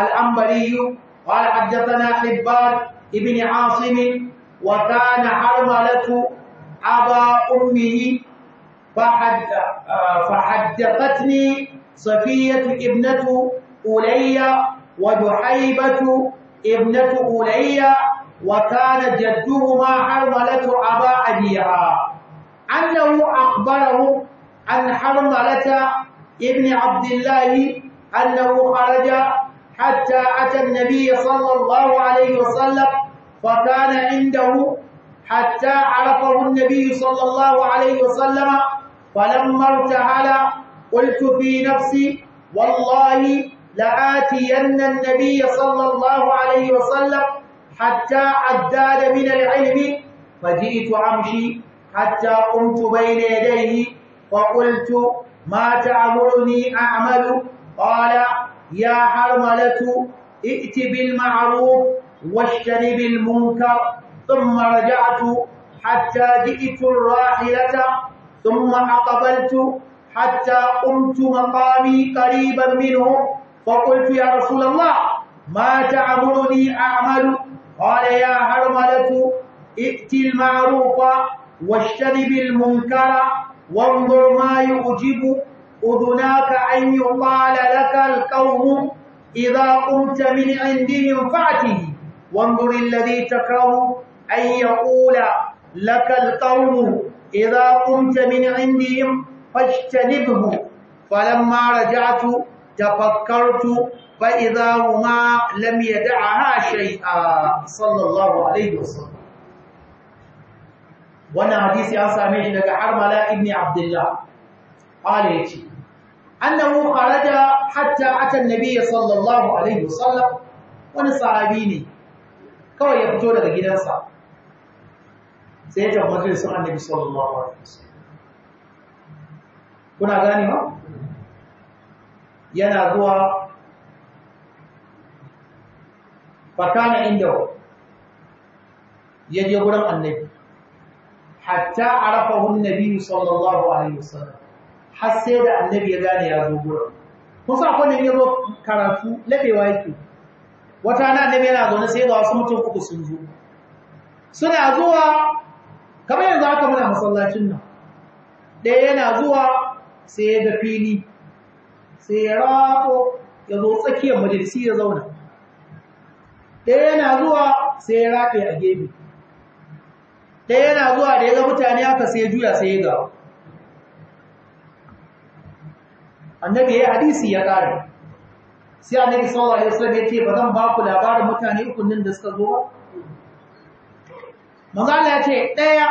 الأنبري قال حدثنا حبان بن عاصم وكان حرملة أبا أمه فحدثتني صفية ابنة أولية وجحيبة ابنة أولية وكان جدهما حرملة أبا أبيها أنه أخبرهم عن حرملة ابن عبد الله أنه خرج حتى أتى النبي صلى الله عليه وسلم فكان عنده حتى عرفه النبي صلى الله عليه وسلم فلما ارتحل قلت في نفسي والله لآتين النبي صلى الله عليه وسلم حتى عداد من العلم فجئت أمشي حتى قمت بين يديه وقلت ما تعمرني أعمل قال يا حرملة ائت بالمعروف واجتنب المنكر ثم رجعت حتى جئت الراحلة ثم أقبلت حتى قمت مقامي قريبا منهم فقلت يا رسول الله ما تعمرني أعمل قال يا هرملة ائت المعروف واجتنب المنكر وانظر ما يعجب أذناك أن يقال لك القوم إذا قمت من عندهم فاته وانظر الذي تكره أن يقول لك القوم إذا قمت من عندهم fashtanibhu falamma raja'tu tafakkartu fa idha huma lam yad'aha shay'a sallallahu alayhi wasallam wannan hadisi an same shi daga Armala ibn Abdullah qala yace annahu kharaja hatta ata an-nabiy sallallahu alayhi wasallam wani sahabi ne kawai ya fito daga gidansa sai ya tabbata sun annabi sallallahu alaihi wasallam kuna ganewa yana zuwa fakana inda ya je gurin annabi hatta arafahu annabi sallallahu alaihi wasallam har sai da annabi ya gane ya zo gurin sa akwai ne ya zo karatu labewa yake wata na annabi yana zaune sai ga wasu mutum uku sun zo suna zuwa kamar yanzu haka muna masallacin nan ɗaya yana zuwa sai ya ga fili sai ya rako ya zo tsakiyar majalisi ya zauna ɗaya yana zuwa sai ya rafe a gebe ɗaya yana zuwa da ya ga mutane aka sai ya juya sai ya ga annabi ya hadisi ya ƙare sai annabi sallallahu alaihi wasallam ya ce ba zan ba ku labarin mutane uku nan da suka zo ba ya ce ɗaya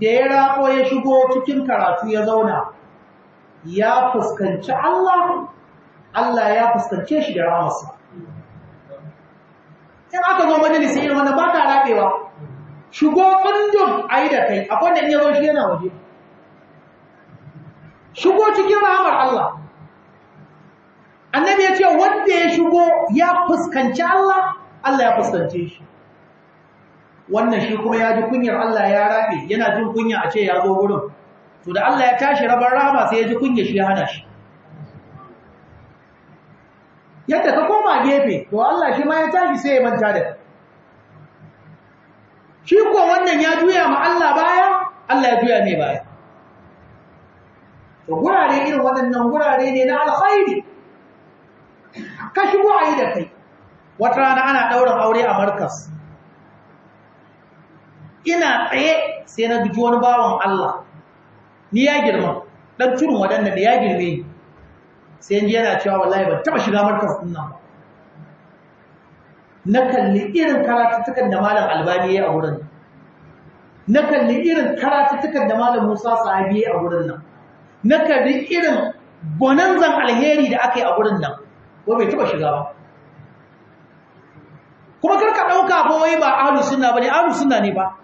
da ya rako ya shigo cikin karatu ya zauna ya fuskanci Allah Allah ya fuskance shi da ramarsa in aka zo majalisi sai wannan ba ta rabewa shigo kundin a yi da kai akwai da in zo shi yana waje shigo cikin ramar Allah annabi ya ce wanda ya shigo ya fuskanci Allah Allah ya fuskance shi wannan shi kuma ya ji kunyar Allah ya rabe yana jin kunya a ce ya zo gurin to da Allah ya tashi rabar rahama sai ya ji kunya shi ya hana shi yadda ka koma gefe to Allah shi ma ya tashi sai ya manta da shi ko wannan ya juya ma Allah baya Allah ya juya mai baya to gurare irin waɗannan gurare ne na alkhairi ka shigo a da kai wata rana ana ɗaurin aure a markas ina tsaye sai na guji wani bawan Allah ni ya girma dan turun wadanda da ya girme sai yanzu yana cewa wallahi ban taba shiga markas din nan na kalli irin karatuttukan da malam albani ya a wurin na kalli irin karatuttukan da malam musa sahabi ya a wurin nan na kalli irin bonanzan alheri da aka yi a wurin nan ko bai taba shiga ba kuma karka ɗauka ko wai ba ahlus sunna bane ahlus sunna ne ba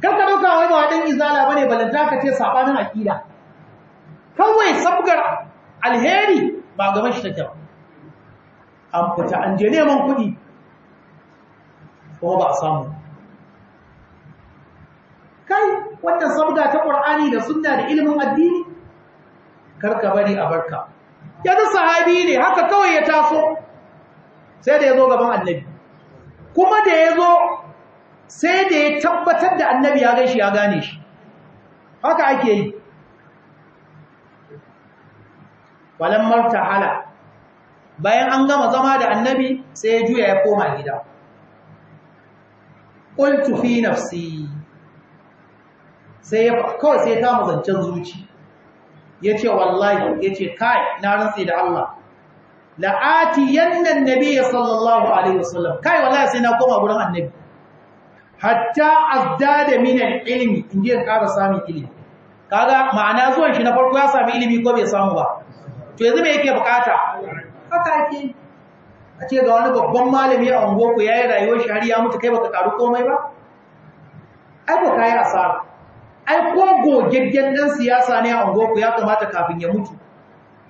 kar ka dauka wai ba ɗan izala ne balanta ka ce sabanin aƙida kawai sabgar alheri ba gaban shi take ba an fita an je neman kuɗi kuma ba a samu kai wannan sabga ta ƙur'ani da sunna da ilimin addini karka bari a barka yanzu sahabi ne haka kawai ya taso sai da ya zo gaban annabi kuma da ya zo sai da ya tabbatar da annabi ya gaishi ya gane shi haka ake yi marta hala, bayan an gama zama da annabi sai ya juya ya koma gida qultu fi nafsi sai ya kawai sai ta mazancan zuci yace wallahi ce kai na rantsi da Allah la'ati yannan nabi sallallahu alaihi wasallam kai wallahi sai na koma wurin annabi hatta azdada min al-ilmi inda ya ƙara samun ilimi kaga ma'ana zuwan shi na farko ya sami ilimi ko bai samu ba to yanzu me yake bukata haka a ce ga wani babban malami a unguwarku ya yi rayuwar shi har ya mutu kai baka karu komai ba ai ba kai asara ai ko gogaggen dan siyasa ne a unguwarku ya kamata kafin ya mutu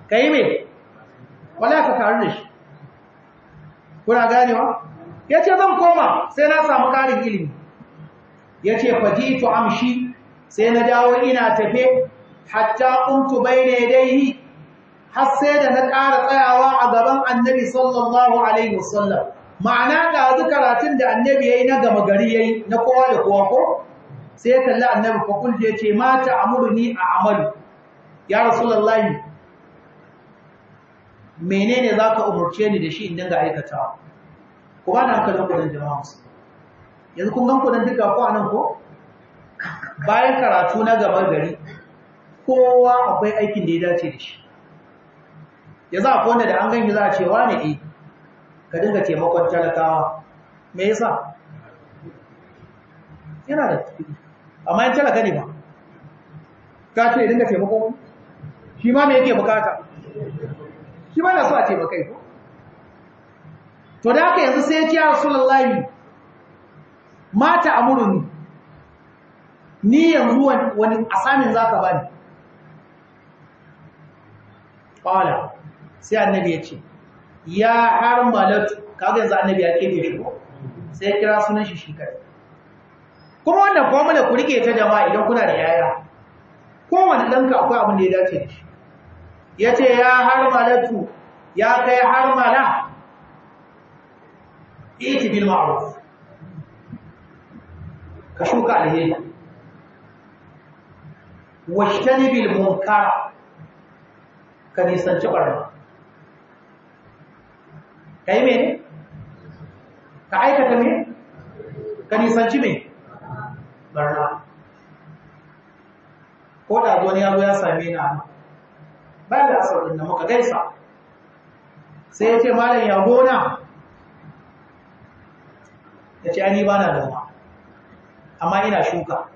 ka yi wala ka karu da shi kuna ganewa ya ce zan koma sai na samu ƙarin ilimi yace fajitu amshi sai na dawo ina tafe hatta kuntu dai yadayhi har sai da na ƙara tsayawa a gaban annabi sallallahu alaihi wasallam ma'ana da duk karatun da annabi yayi na gama gari yayi na kowa da kowa ko sai kalla annabi fa kul yace ma ta'muruni a amalu ya rasulullahi menene zaka umurce ni da shi in dinga aikata ba na kallon ku jama'a musulmi yanzu kun gan kudan duka ko anan ko bayan karatu na gaba gari kowa akwai aikin da ya dace da shi yanzu akwai wanda da an ganki za a ce wane eh ka dinga taimakon talakawa me yasa yana da kuɗi amma yan talaka ne ba ka ce dinga taimakon shi ma me yake bukata shi ma na so a taimakai ko to da haka yanzu sai ya ce rasulullahi mata a amuruni ni yanzu wani asamin za ka bani ƙwala sai annabi ya ce ya har malatu kaga yanzu annabi ya kefe shi ko sai ya kira sunan shi shi kai kuma wannan formula ku rike ta jama'a idan kuna da yaya kowane ɗanka akwai abin da ya dace da shi ya ce ya har malatu ya kai har mala iti bil ma'ruf ka shuka alheri washtanibil munkar ka nisanci barna ka yi mene ka aikata ne ka nisanci mene barna ko da wani yaro ya same na ba da saurin da muka gaisa sai ya ce malam ya gona ya ce ani ba na noma amma ina shuka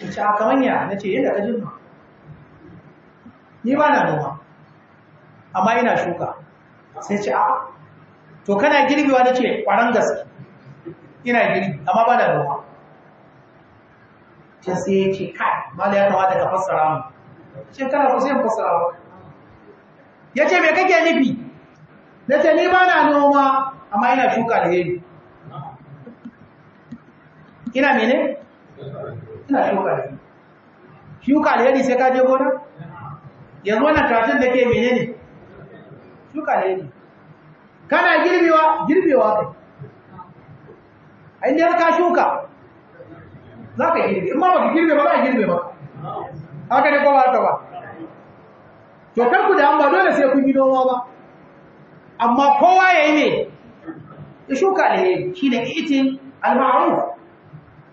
in ci a manya na ce yadda ka jin ni ba na noma amma ina shuka sai ce a to kana girbiwa na ce ƙwaron gaske ina girbi amma ba na noma ta sai ya ce kai da ya kamata ka fassara mu ce kana kusa yin fassara mu ya ce me kake nufi na ce ni ba na noma amma ina shuka da yadda ina mene ina shuka ne shuka da alheri sai kaje gona yanzu wannan karatun da ke mene ne shuka alheri kana girbewa girbewa kai a inda ka shuka za ka girbe in ma ba ka girbe ba za a girbe ba haka ne kowa ta ba to ku da an ba dole sai kun yi noma ba amma kowa ya yi ne ya shuka alheri shi ne itin al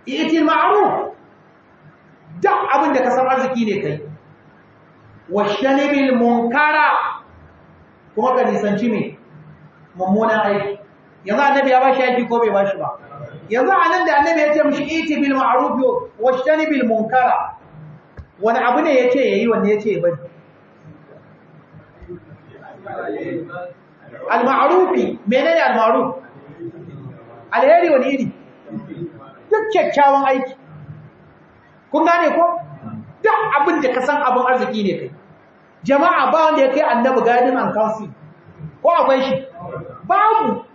i'til ma'aruf duk abin da ka san arziki ne kai washanibil munkara kuma ka nisanci me mummunan aiki yanzu annabi ya shi aiki ko bai ba shi ba yanzu anan da annabi ya ce mishi iti bil ma'ruf washanibil munkara wani abu ne ya ce yace yayi wanda yace bari al ma'rufi menene al ma'ruf alheri wani iri duk kyakkyawan aiki kun gane ko duk abin da ka san abin arziki ne kai jama'a ba wanda ya kai annabi gadin an kansu ko akwai shi babu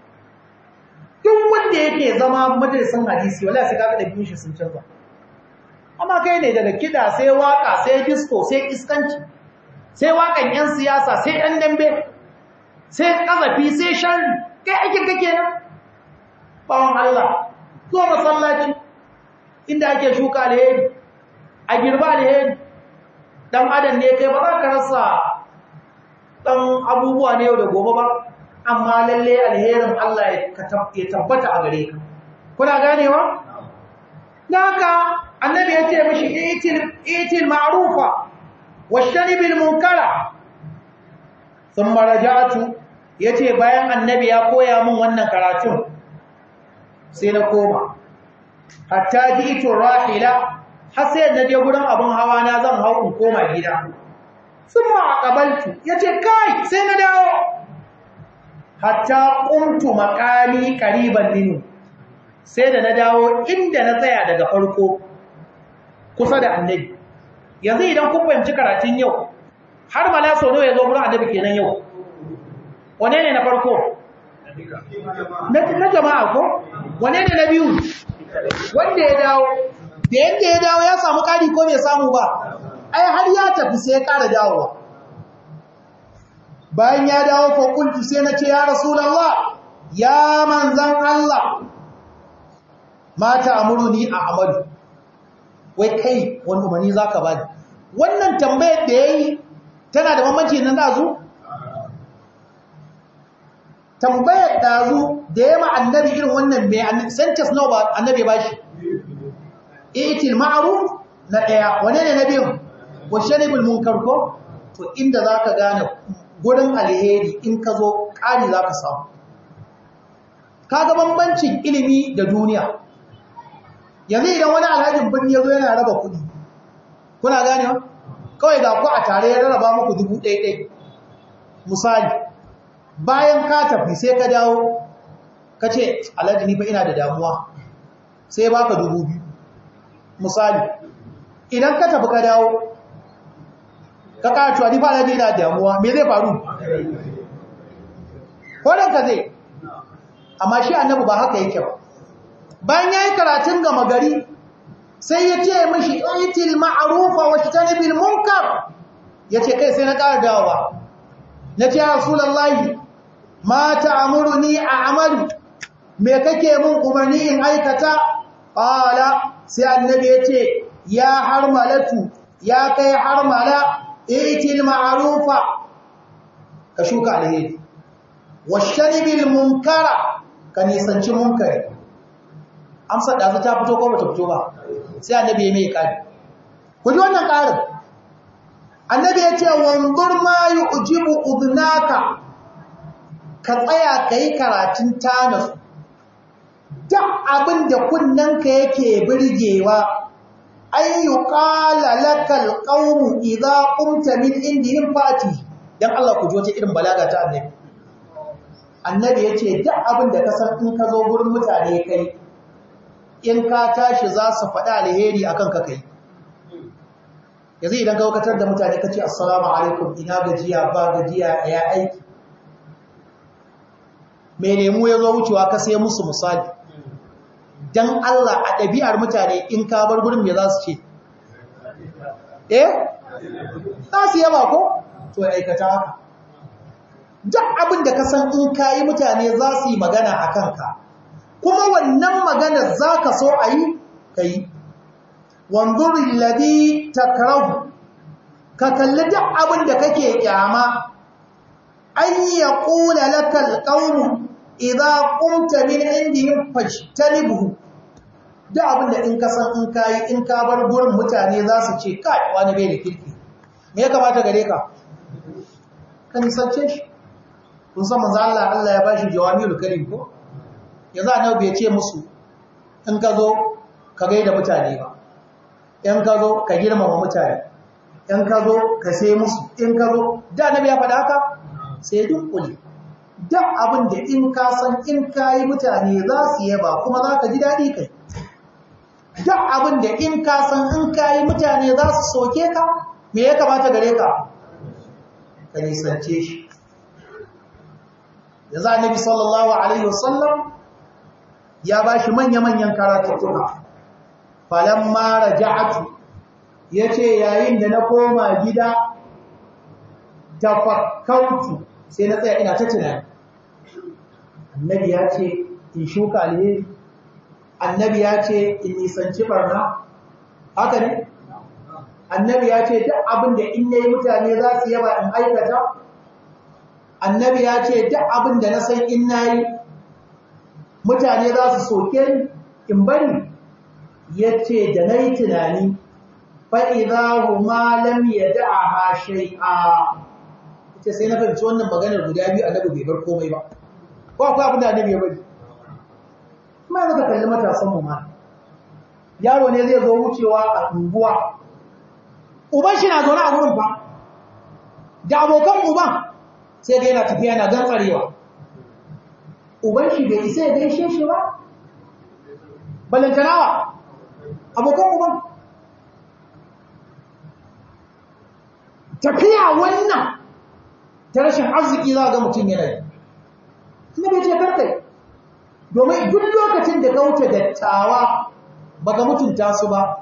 duk wanda yake zama madrasan hadisi wallahi sai kaga da biyun shi sun canza amma kai ne da kida sai waka sai disco sai iskanci sai wakan yan siyasa sai yan dambe sai kazafi sai shan kai aikin kake nan bawon Allah zo masallaci inda ake shuka alheri a girba alheri dan adam ne kai ba za ka rasa dan abubuwa ne yau da gobe ba amma lalle alherin Allah ya tabbata a gare ka kuna ganewa Na haka annabi ya ce mishi itil itil ma'rufa washtanibil munkara thumma ya ce bayan annabi ya koya min wannan karatun sai na koma hatta jitu rahila har sai na je gurin abun hawa na zan hau in koma gida summa aqbaltu yace kai sai na dawo hatta qumtu Makami qariban dinu sai da na dawo inda na tsaya daga farko kusa da annabi yanzu idan ku fahimci karatun yau har na so ne ya zo gurin annabi kenan yau wane ne na farko na jama'a ko wane ne na biyu wanda ya dawo da yadda ya dawo ya samu kari ko bai samu ba ai har ya tafi sai ya ƙara dawowa bayan ya dawo faƙultu sai na ce ya Allah ya manzan Allah mata amuru ni a amadu wai kai wani umarni za ka bani wannan tambayar da ya yi tana da mamaci nan da zuwa tambayar dazu da ya ma annabi irin wannan mai sentence nawa ba annabi ba shi itil ma'ruf na daya wane ne na biyu wa sharibul munkar ko to inda za ka gane gurin alheri in ka zo ƙari ka samu kaga bambancin ilimi da duniya yanzu idan wani alhajin birni ya zo yana raba kuɗi kuna gane kawai ga ku a tare ya rarraba muku dubu ɗaya ɗaya misali bayan ka tafi sai ka dawo ka ce alhaji ni fa ina da damuwa sai ba ka dubu biyu misali idan ka tafi ka dawo ka ƙara cewa ni fa alhaji ina da damuwa me zai faru ka zai amma shi annabi ba haka yake ba bayan yayi karatun gama gari sai ya ce mishi itil ma'rufa wa tanibil munkar yace kai sai na ƙara dawowa ce ya rasulullahi ma a a'mal me kake mun umarni in aikata qala sai annabi ya ce ya harmalatu ya kai harmala itil ma'arufa. ka shuka alheri washaribil munkara ka nisanci munkari amsa ɗazu ta fito ko bata fito ba sai annabi ya mai kari ku ji wannan ƙarin. annabi ya ce wanzur ma yu'jibu udnaka ka tsaya ka yi karatun tanus duk abin da kunnanka yake birgewa an yi ƙala lakal ƙaunu idan ƙumta min indiyin fati don Allah ku joce irin balaga ta annabi annabi ya ce duk abin da kasar in ka zo gurin mutane kai in ka tashi za su faɗa alheri a kanka kai yanzu idan ka wakatar da mutane ka ce assalamu alaikum ina gajiya ba gajiya ya aiki mai lemu ya zo wucewa ka sai musu misali don Allah a ɗabi'ar mutane in ka bar gurin me za su ce eh za su yaba ko to aikata haka duk abin da ka san in ka yi mutane za su yi magana a kanka kuma wannan magana za ka so a yi ka yi wanzurin ladi ta karahu ka kalli duk abin da kake kyama an yi ya ƙula lakal ƙaunin idza qumta min indihim fajtanibuhu da abin da in ka san in kayi in ka bar gurin mutane za su ce kai wani bai da kirki me ya kamata gare ka ka nisance shi kun san manzo Allah Allah ya bashi jawamiul karim ko yanzu annabi bai ce musu in ka zo ka gaida mutane ba in ka zo ka girmama mutane in ka zo ka sai musu in ka zo da annabi ya faɗa haka sai dukkuli duk abin da in ka san in ka yi mutane za su yaba kuma za ka ji daɗi kai duk abin da in ka san in ka yi mutane za su soke ka me ya kamata gare ka ka nisance shi Ya za ne sallallahu alaihi wasallam ya ba shi manya-manyan karatuttuka falon mara ja'atu ya ce yayin da na koma gida da sai na tsaya ina ta tunani annabi ya ce in shuka ne annabi ya ce in nisanci barna haka ne annabi ya ce duk abin da in yayi mutane za su yaba in aikata annabi ya ce duk abin da na san in nayi mutane za su soke ni in bari ya ce da na yi tunani fa'iza huma lam ya da'a shai'a ce sai na fahimci wannan maganar guda biyu annabi bai bar komai ba ko akwai abin da annabi ya bari kuma yanzu ka kalli matasan mu ma yaro ne zai zo wucewa a unguwa uban shi na zaune a gurin fa da abokan uban sai ga yana tafiya yana tsarewa. uban shi bai isa ya gaishe shi ba balantanawa abokan uban tafiya wannan ta rashin arziki za ga mutum yanayi yi bai ce karkai domin duk lokacin da ka wuce da tawa ba ka mutunta su ba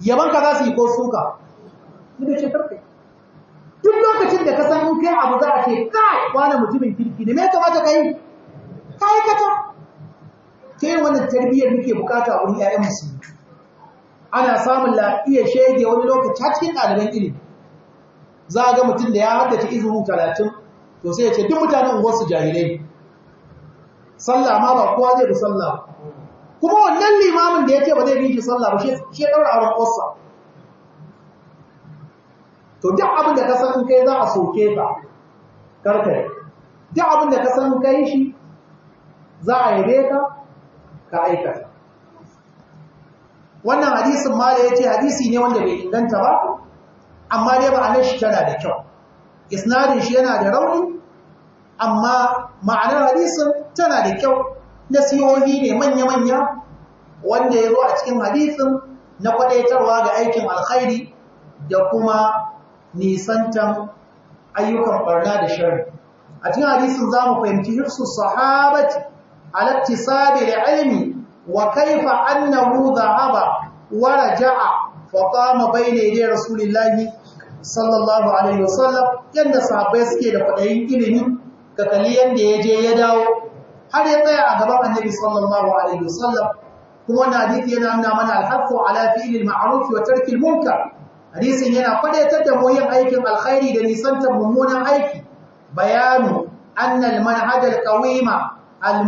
yabanka za su yi ko suka na bai ce karkai duk lokacin da ka san in kai abu za a ce kai kwana mutumin kirki ne mai kamata ka yi ka aikata ke wani tarbiyyar muke bukata a wurin 'ya'yan musulmi ana samun lafiya shege wani lokaci a cikin ɗaliban ilimi za a ga mutum da ya haddace izinin talatin to sai ya ce duk mutanen unguwarsu jahilai sallah ma ba kowa zai bi sallah kuma wannan limamin da ya ce ba zai bi sallah ba shi ya ɗaura auren uwarsa to duk abin da ka san kai za a soke ka karkare duk abin da ka san kai shi za a yabe ka ka aikata wannan hadisin ma da ya ce hadisi ne wanda bai inganta ba amma dai ma'anar shi tana da kyau isnadin shi yana da rauni amma ma'anar hadisin tana da kyau nasihohi ne manya-manya wanda ya zo a cikin hadisin na kwadaitarwa ga aikin alkhairi da kuma nisantan ayyukan barna da shari a cikin hadisin za mu fahimci hirsu sahabati alattisabi da ilmi wa kaifa annahu zahaba wa raja'a fa qama bayna yaday rasulillahi sallallahu alaihi wasallam yadda sahabbai suke da kwaɗayin ilimi ga kalli yadda ya je ya dawo har ya tsaya a gaban annabi sallallahu alaihi wasallam kuma wannan hadisi yana nuna mana alhaqqu ala fi'lil ma'ruf wa tarkil munkar hadisin yana faɗaitar da mu aikin alkhairi da nisantar mummunan aiki bayanu anna al-manhaj al-qawima al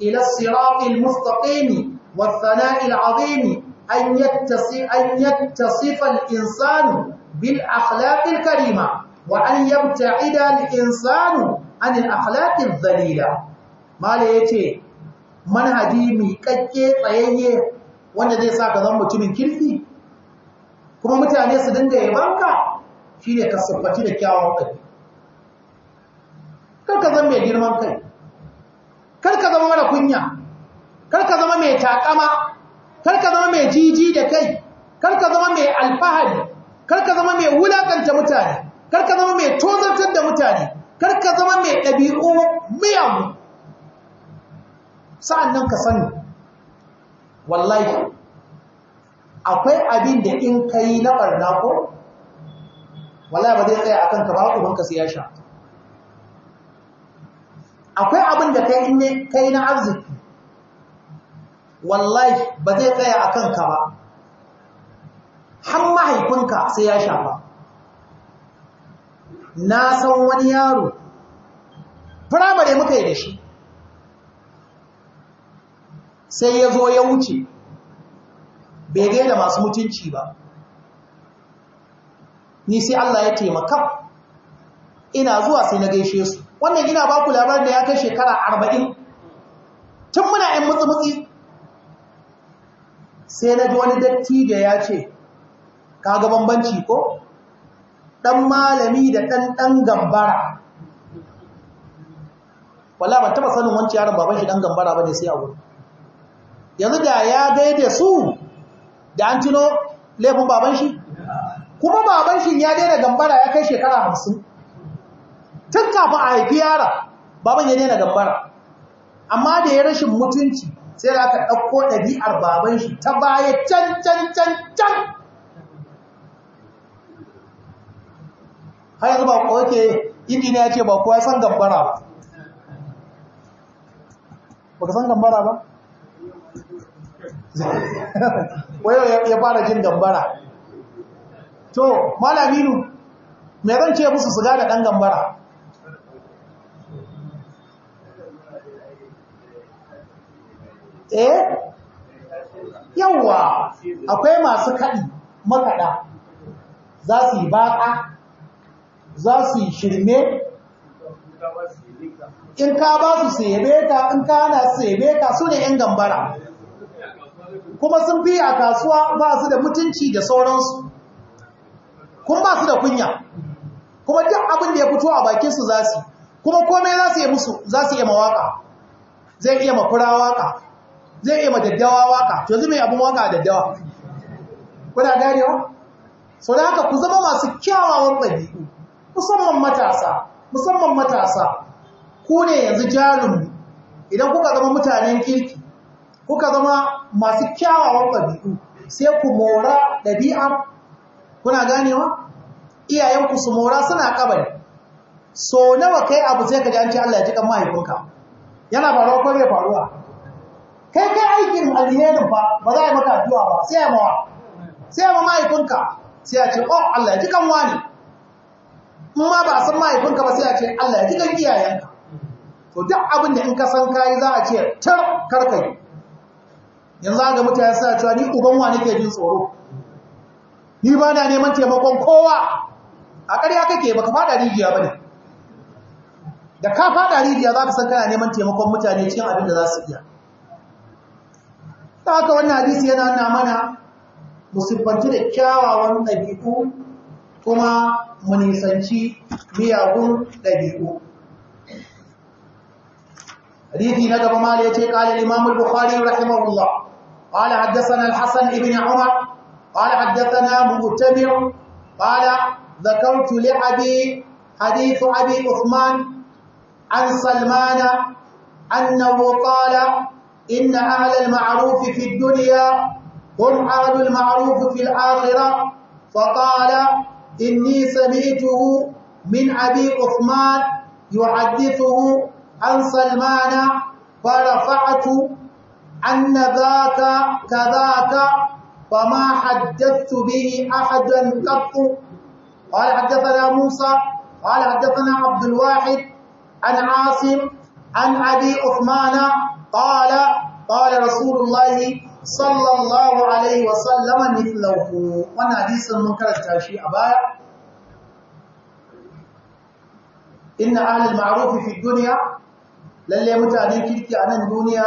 ila as-sirat al-mustaqim wa ath azim an yattasi an yattasifa al-insanu bil akhlaqil karima wa an yabta'ida al insanu an al akhlaqil dhalila mala yace manhaji mai kakke tsayayye wanda zai sa ka zama mutumin kirki kuma mutane su dinga yabanka shine ka da kyawun ɗabi kar ka zama mai girman kai kar ka zama mara kunya kar ka zama mai takama kar ka zama mai jiji da kai kar ka zama mai alfahari karka zama mai wulakanta mutane karka zama mai tozartar da mutane karka zama mai ɗabi'u miyamu sa'an nan ka sani wallahi akwai abin da in ka yi na ɓarna ko wallahi ba zai tsaya a kanka ba ubanka ka siya sha akwai abin da ka yi na arziki wallahi ba zai tsaya a kanka ba har mahaifinka sai ya shafa na san wani yaro firamare muka yi da shi sai ya zo ya wuce bai gaida masu mutunci ba ni sai Allah ya taimaka ina zuwa sai na gaishe su wannan ina ba ku labarin da ya kai shekara arba'in tun muna ‘yan mutsumutsi sai na ji wani dattijo ya ce kaga bambanci ko dan malami da dan dan gambara wala ban taba sanin wancan yaron baban shi dan gambara bane sai a yanzu da ya daide su da an tuno laifin baban shi kuma baban shi ya daina gambara ya kai shekara 50 tun kafin a haifi yara baban ya daina gambara amma da ya rashin mutunci sai da aka ɗauko ɗabi'ar baban shi ta baya can can can can har yanzu ba ko yake injini ya ce ba kowa san gambara ba ba ka san gambara ba [LAUGHS] wayo ya fara jin gambara to malaminu me zan ce musu su gane dan gambara eh yawwa akwai masu kaɗi makaɗa za su yi baƙa za su yi shirme in ka ba su sebe ka in ka hana sebe ka su ne ‘yan gambara kuma sun fi a kasuwa ba su da mutunci da sauransu kuma ba su da kunya kuma duk abin da ya fito a bakinsu za su kuma komai za su yi musu za su yi mawaka zai iya makura waka zai iya madaddawa waka to zai abin waka daddawa kuna ganewa sau da haka ku zama masu kyawawan ɗabi'u musamman matasa musamman matasa ku ne yanzu jarin idan kuka zama mutanen kirki kuka zama masu kyawawan ɗabi'u sai ku mora ɗabi'a kuna ganewa iyayenku su mora suna kabari so nawa kai abu sai ka ji an ce Allah ya ji kan mahaifinka yana faruwa ko bai faruwa kai kai aikin alherin fa ba za a yi maka addu'a ba sai ya mawa sai ya ma mahaifinka sai ya ce oh Allah ya ji kan wani in ma ba san mahaifinka ba sai a ce Allah ya ji iyayenka to duk abin da in ka san kayi za a ce tar karkai yanzu ga mutane suna ce ni uban wa nake jin tsoro ni ba na neman taimakon kowa a ƙarya kake ba ka fada rijiya bane da ka fada rijiya za ka san kana neman taimakon mutane cikin abin da za su iya ta haka wannan hadisi yana nuna mana musibbanci da kyawawan ɗabi'u kuma mu nisanci miyagun ɗabi'u حديثي ندب ماليتي قال الإمام البخاري رحمه الله قال حدثنا الحسن ابن عمر قال حدثنا مؤتمر قال ذكرت لأبي حديث أبي عثمان عن سلمان أنه قال إن أهل المعروف في الدنيا هم أهل المعروف في الآخرة فقال إني سمعته من أبي عثمان يحدثه عن سلمان فرفعت أن ذاك كذاك وما حدثت به أحدا قط قال حدثنا موسى قال حدثنا عبد الواحد عن عاصم عن أبي عثمان قال قال رسول الله sallallahu alaihi wa sallama mithlahu wannan hadisin mun karanta shi a baya inna ahlul ma'ruf fi dunya lalle mutane kirki a nan duniya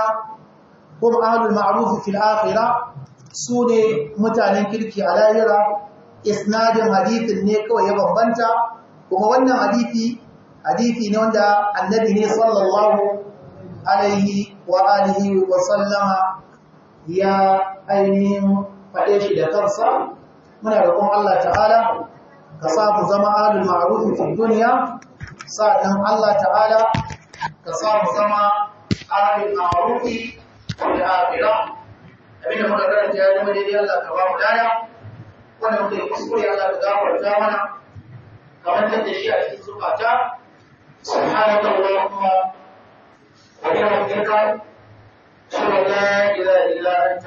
kuma ahlul ma'ruf fi al sune mutanen kirki a lahira isnadin hadithin ne kawai ya bambanta kuma wannan hadithi hadithi ne wanda annabi ne sallallahu alaihi wa alihi wa sallama ya ainihin faɗe shi da kansa muna roƙon Allah ta'ala ka sa mu zama alul ma'ruf fi dunya sa'an Allah ta'ala ka sa mu zama alul ma'ruf fi akhirah abin da muka karanta ya zama dai Allah ka ba mu dada wanda muka yi kuskure Allah ka gafarta mana kamar da shi a cikin zukata subhanaka allahumma wa bihamdika أشهد أن لا إله إلا أنت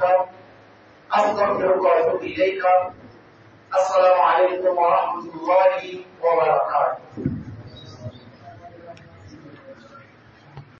أستغفرك وأتوب إليك السلام عليكم ورحمة الله وبركاته